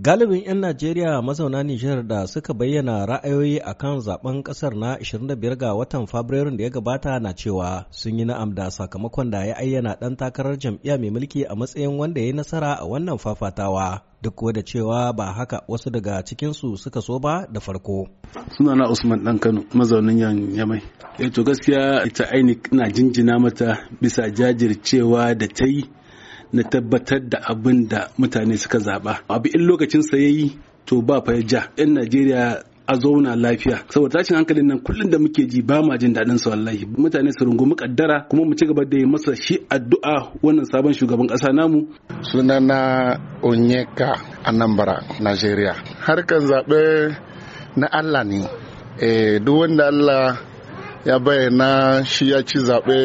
Galibin 'yan Najeriya mazauna Nijar da suka bayyana ra'ayoyi a kan zaben kasar na 25 ga watan Fabrairun da ya gabata na cewa sun yi na'am da sakamakon da ya ayyana ɗan takarar jam'iyya mai mulki a matsayin wanda ya yi nasara a wannan fafatawa. Duk da cewa ba haka wasu daga cikinsu suka so ba da farko. Suna na Usman ɗan Kano mazaunin Yamai. Eh, to gaskiya ita ainih na jinjina mata bisa jajircewa da ta yi na tabbatar da abin da mutane suka zaba. abu in lokacin sa yayi to ba fa ja yan najeriya a zauna lafiya saboda tashin hankalin nan kullum da muke ji ba ma jin daɗin su wallahi mutane su rungumi kaddara kuma mu ci gaba da yi masa shi addu'a wannan sabon shugaban ƙasa namu sunana onyeka anambra nigeria harkan zaɓe na allah ne eh duk wanda allah ya bayyana shi ya ci zaɓe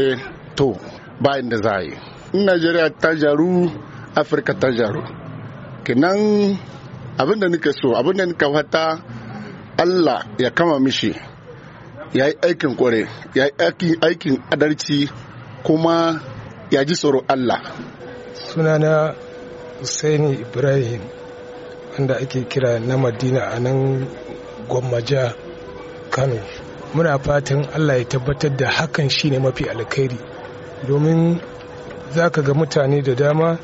to ba inda za yi in najeriya ta jaru afirka ta jaru kenan abin da nake so abin da nika fata allah ya kama mishi ya yi aikin kware ya yi aikin adalci kuma ya ji tsoro allah sunana Hussaini ibrahim wanda ake kira na madina a nan gwammaja kano muna fatan allah ya tabbatar da hakan shine mafi alkhairi domin za ka ga mutane da dama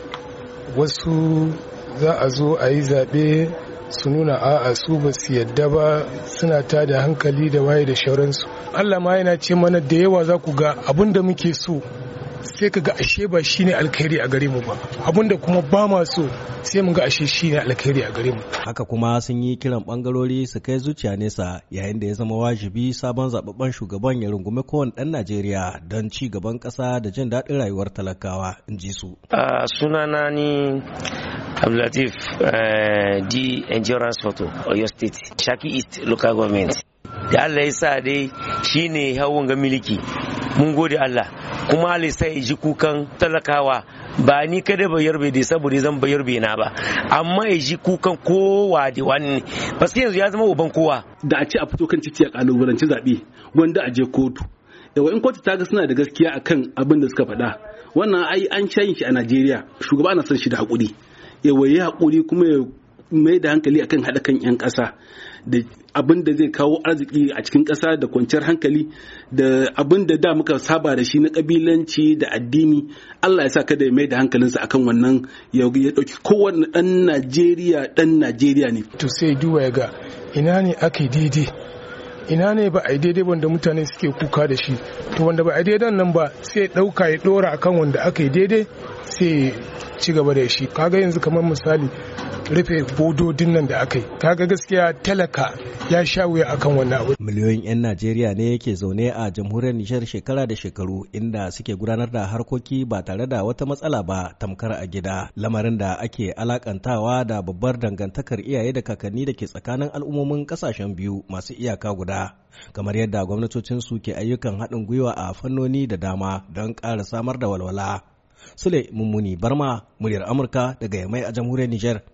wasu za a zo a yi zaɓe su nuna a'a su ba su yadda ba suna ta da hankali da waye da shauransu allah ma yana ce mana da yawa za ku ga abin da muke so sai ka ga ashe ba shi ne alkhairi a gare mu ba abinda kuma ba ma so sai mun ga ashe shi ne alkhairi a gare mu haka kuma sun yi kiran bangarori su kai zuciya nesa yayin da ya zama wajibi sabon zababban shugaban ya rungumi kowane dan Najeriya don ci gaban kasa da jin daɗin rayuwar talakawa in ji su sunana ni Abdulatif eh, di Endurance Photo Oyo State Shaki East Local Government da Allah ya sa dai shine hawan ga miliki mun gode Allah kuma Allah sai ya ji kukan talakawa ba ni kada bayar bai da saboda zan bayar bai na ba amma ya ji kukan kowa da wani ba sai yanzu ya zama uban kowa da a ce a fito kan ciki a kalubalanci zaɓe wanda a je kotu yawa in kotu ta ga suna da gaskiya akan abin da suka faɗa wannan ai an shayin shi a Najeriya shugaba na son shi da haƙuri yawa ya haƙuri kuma ya mai da hankali akan hada kan 'yan ƙasa da abin da zai kawo arziki a cikin ƙasa da kwanciyar hankali da abin da da muka saba da shi na ƙabilanci da addini Allah ya sa kada ya mai da hankalinsa akan wannan ya ɗauki kowane ɗan Najeriya ɗan Najeriya ne. To sai duwa ya ga ina ne ake daidai ina ne ba a yi daidai wanda mutane suke kuka da shi to wanda ba a yi daidai nan ba sai ɗauka ya ɗora akan wanda aka yi daidai sai ci gaba da shi kaga yanzu kamar misali rufe bododin nan da aka yi kaga gaskiya talaka ya sha wuya akan wannan abu miliyoyin 'yan najeriya ne yake zaune a jamhuriyar nishar shekara da shekaru inda suke gudanar da harkoki ba tare da wata matsala ba tamkar a gida lamarin da ake alakantawa da babbar dangantakar iyaye da kakanni da ke tsakanin al'ummomin kasashen biyu masu iyaka guda kamar yadda gwamnatocin su ke ayyukan haɗin gwiwa a fannoni da dama don ƙara samar da walwala. Sule Mummuni Barma, muryar Amurka daga Yamai a jamhuriyar Nijar.